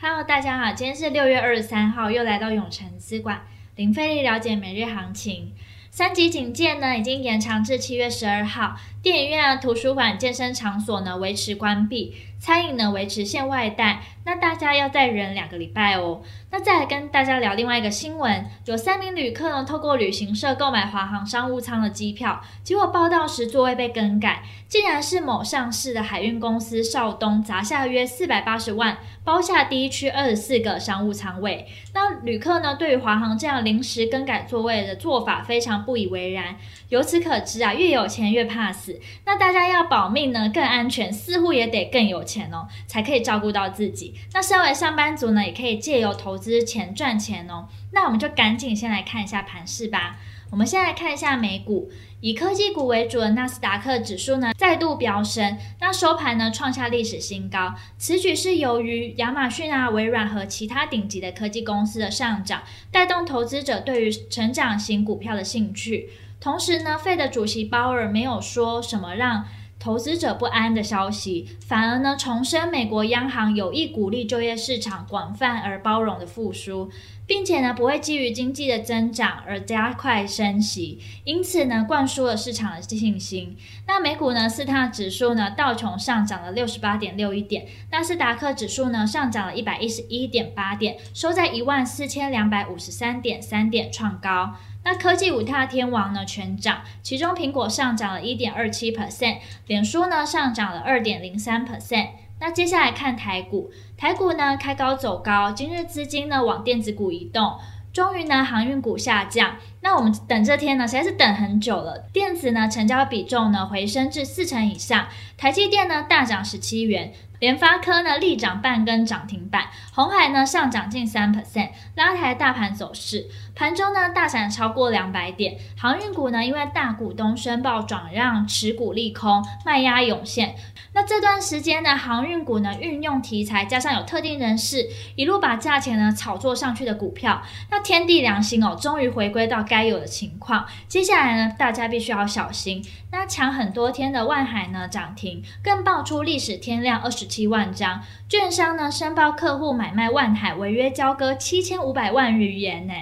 Hello，大家好，今天是六月二十三號，又來到永城資管，零費力了解每日行情。三級警戒呢，已經延長至七月十二號。電影院啊，圖書館、健身場所呢，維持關閉。餐飲呢，維持限外帶，那大家要再忍兩個禮拜哦。那再來跟大家聊另外一個新聞，有三名旅客呢透過旅行社購買華航商務艙的機票，結果報到時座位被更改，竟然是某上市的海運公司少東砸下約四百八十萬包下第一區二十四個商務艙位。那旅客呢對於華航這樣臨時更改座位的做法非常不以為然。由此可知啊，越有錢越怕死。那大家要保命呢更安全，似乎也得更有錢哦，才可以照顧到自己。那身為上班族呢，也可以借由投資錢賺錢哦。那我們就趕緊先來看一下盤勢吧。我們先來看一下美股，以科技股為主的納斯達克指數呢再度飆升，那收盤呢創下歷史新高。此舉是由於亞馬遜啊、微軟和其他頂級的科技公司的上漲，帶動投資者對於成長型股票的興趣。同時呢，FED 的主席鮑爾沒有說什麼讓。投資者不安的消息，反而呢，重申美國央行有意鼓勵就業市場廣泛而包容的復甦。並且呢，不會基於經濟的增長而加快升息，因此呢，灌輸了市場的信心。那美股呢，四大指數呢，道瓊上漲了六十八點六一點，納斯達克指數呢，上漲了一百一十一點八點，收在一萬四千兩百五十三點三點創高。那科技五大天王呢，全漲，其中蘋果上漲了一點二七 percent，臉書呢，上漲了二點零三 percent。那接下來看台股，台股呢，開高走高，今日資金呢往電子股移動，終於呢航運股下降。那我們等這天呢，實在是等很久了。電子呢成交比重呢回升至四成以上，台積電呢大漲十七元。聯發科呢，力漲半根漲停板，鴻海呢上漲近三 percent，拉抬大盤走勢。盤中呢大漲超過兩百點。航運股呢，因為大股東申報轉讓持股利空，賣壓湧現。那這段時間呢，航運股呢運用題材，加上有特定人士一路把價錢呢炒作上去的股票，那天地良心哦，終於回歸到該有的情況。接下來呢，大家必須要小心。那強很多天的萬海呢漲停，更爆出歷史天量二十七萬張，券商呢申報客戶買賣萬海，違約交割七千五百萬日元呢。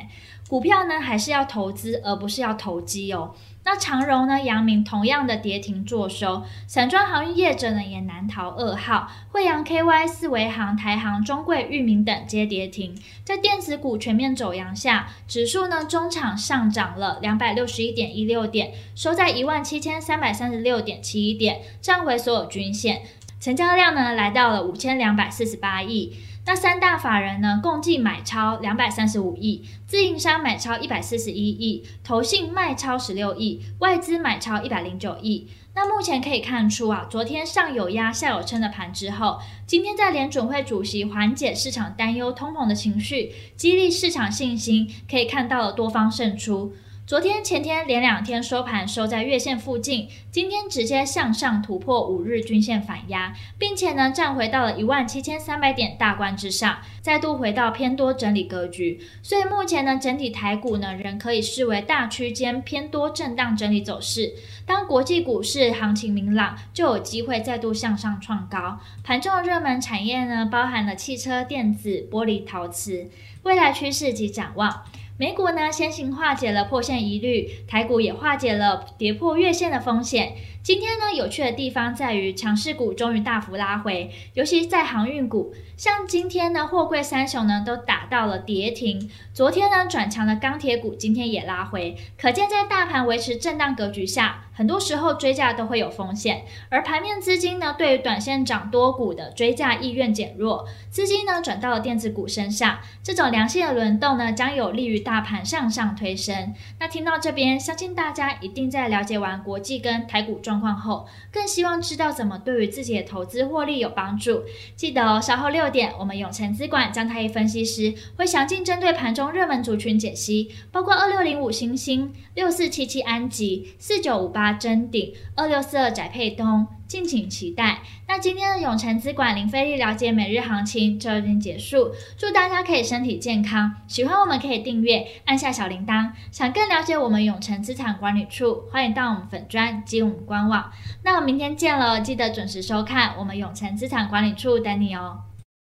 股票呢還是要投資，而不是要投機哦。那長榮呢、陽明同樣的跌停作收，散裝航運業者呢也難逃噩耗，慧洋 KY、四維航、台航、中櫃、裕民等皆跌停。在電子股全面走揚下，指數呢中場上漲了兩百六十一點一六點，收在一萬七千三百三十六點七一點，站回所有均線。成交量呢來到了五千兩百四十八億，那三大法人呢共計買超兩百三十五億，自營商買超一百四十一億，投信賣超十六億，外資買超一百零九億。那目前可以看出啊，昨天上有壓、下有撐的盤之後，今天在聯準會主席緩解市場擔憂通膨的情緒，激勵市場信心，可以看到了多方勝出。昨天、前天，連兩天收盤收在月線附近，今天直接向上突破五日均線反壓，並且呢站回到了一萬七千三百點大關之上，再度回到偏多整理格局。所以目前呢整體台股呢仍可以視為大區間偏多震盪整理走勢。當國際股市行情明朗，就有機會再度向上創高。盤中的熱門產業呢包含了汽車、電子、玻璃、陶瓷。未來趨勢及展望。美股呢先行化解了破線疑慮，台股也化解了跌破月線的風險。今天呢有趣的地方在於強勢股終於大幅拉回，尤其在航運股，像今天呢貨櫃三雄呢都打到了跌停。昨天呢轉強的鋼鐵股今天也拉回，可見在大盤維持震盪格局下。很多時候追價都會有風險，而盤面資金呢，對於短線漲多股的追價意願減弱，資金呢轉到了電子股身上，這種良性的輪動呢，將有利於大盤向上上推升。那聽到這邊，相信大家一定在了解完國際跟台股狀況後，更希望知道怎麼對於自己的投資獲利有幫助。記得哦，稍後六點，我們永誠資管姜太一分析師會詳盡針對盤中熱門族群解析，包括二六零五新興、六四七七安吉、四九五八，真頂二六四二宅配東，敬請期待。那今天的永誠資管林菲利了解每日行情就已經結束。祝大家可以身體健康，喜歡我們可以訂閱，按下小鈴鐺。想更了解我們永誠資產管理處，歡迎到我們粉專及我們官網。那我們明天見了，記得準時收看我們永誠資產管理處等你哦。